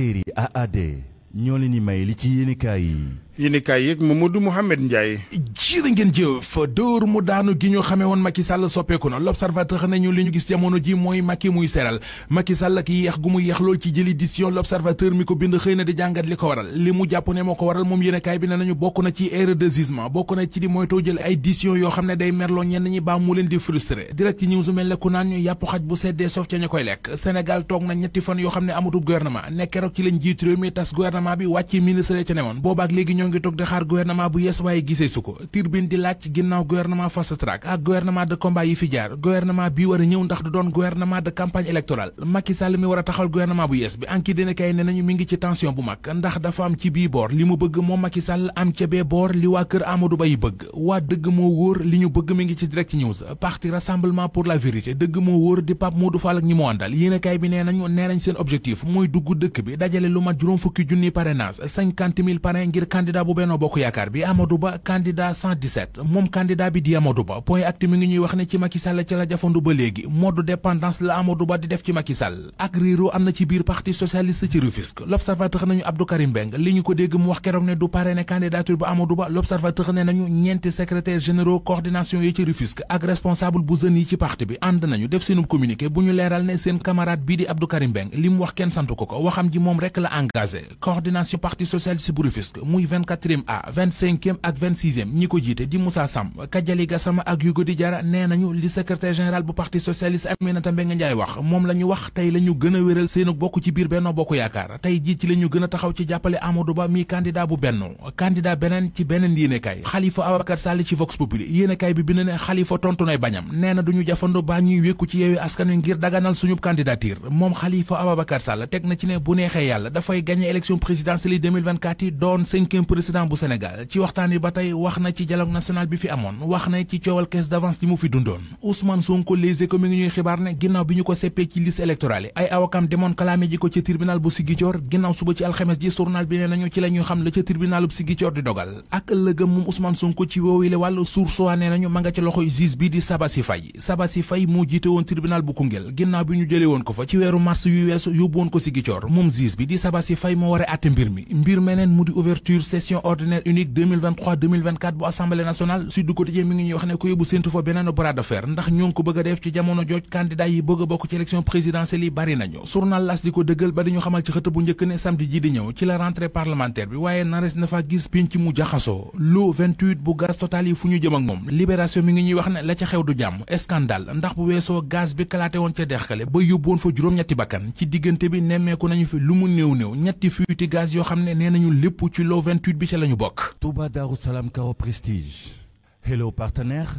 Bakary AAD ñoo leen di may li ci yéenekaay yi yéenekaay yeeg Mamadou Mouhamed Ndiaye jërë ngeen jëf dóor mu daanu gi ñu xamee woon Macky Sall soppeeku na l'observateur nañu li ñu gis jamono ji mooy Macky muy seral Macky Sall yeex gu mu yeex lool ci jëli décision l'observateur mi ko bind xëy na di jàngat li ko waral li mu jàpp ne moo ko waral moom yéenekaay bi ne nañu bokk na ci erreur de jugement bokk na ci di moytoo jël ay décision yoo xam ne day merloo ñenn ñi baa mu leen di frustré direct ci ngi toog di xaar gouvernement bu yees waaye gisee ko turbine di laaj ginnaaw gouvernement fast ak gouvernement bi war a ñëw ndax du doon gouvernement de campagne électorale Macky Sall mi war a taxawal gouvernement bu yees bi anki dina kay ne nañu mi ngi ci tension bu mag ndax dafa am ci bii boor li mu bëgg moom Macky Sall am ca boor li waa kër Amadou Ba yi bëgg waa dëgg moo wóor li ñu bëgg mi ngi ci direct news parti rassemblement pour la vérité dëgg candidat bu Benno Bokk Yaakaar bi Amadou Ba candidat moom candidat bi di Amadou Ba point acte mi ngi ñuy wax ne ci Macky Sall ci la jafandu ba léegi mode dépendance la Amadou Ba di def ci Macky ak réeroo am na ci biir parti socialiste ci Rufisque l'observateur nañu Abdou Karim Beng li ñu ko dégg mu wax keroog ne du parrainé candidature bu Amadou Ba l'observateur ne nañu ñeenti secrétaire généraux coordination yi ci Rufisque ak responsable bu jeunes yi ci 24e A 25e ak 26e ñi ko jiite di Moussa Sam Kajali Gassama ak Hugo Diarra nee nañu li secrétaire général bu parti socialiste Aminata Mbengue Ndiaye wax moom la wax tey la ñu wéral seenu bokk ci biir Benno Bokk Yaakaar tey jii ci la ñu taxaw ci jàppale Amadou Ba mi candidat bu Benno candidat beneen ci beneen yéenekaay Khalifa Ababacar Sall ci Vox Populi yéenekaay bi bind ne Khalifa tontu nay bañam nee na duñu jafandu baa ñuy wékku président bu Sénégal ci waxtaan yi ba tey wax na ci dialogue national bi fi amoon wax na ci coowal caisse d'avance bi mu fi dundoon Ousmane Sonko Les Échos mi ngi ñuy xibaar ne ginnaaw bi ñu ko seppee ci liste électorale ay awakam demoon kalaame ji ko ci tribunal bu Ziguinchor ginnaaw suba ci alxames ji journal bi ne nañu ci la xam la ca tribunal bu di dogal ak ëllëgam moom Ousmane Sonko ci woowile wàll sursoi ne nañu ma nga ci loxoy juge session ordinaire di ko dëggal ba dañu xamal ci xët bu njëkk ne samedi ji di ñëw ci la rentrée parlementaire bi waaye nares na fa gis pinc mu jaxasoo lu bu gaz total yi fu ñu jëm ak moom libération mi ngi ñuy wax ne la ca xew du jàmm scandale ndax bu weesoo gaz bi kalaate woon ca dexkale ba yóbboon fa juróom-ñetti bakkan ci diggante bi nemmeeku nañu fi lu mu néew néew ñetti fuiti gaz yoo xam ne nee nañu lépp ci loo étude bi ca la ñu bokk Touba Darou Salam Caro Prestige hello partenaire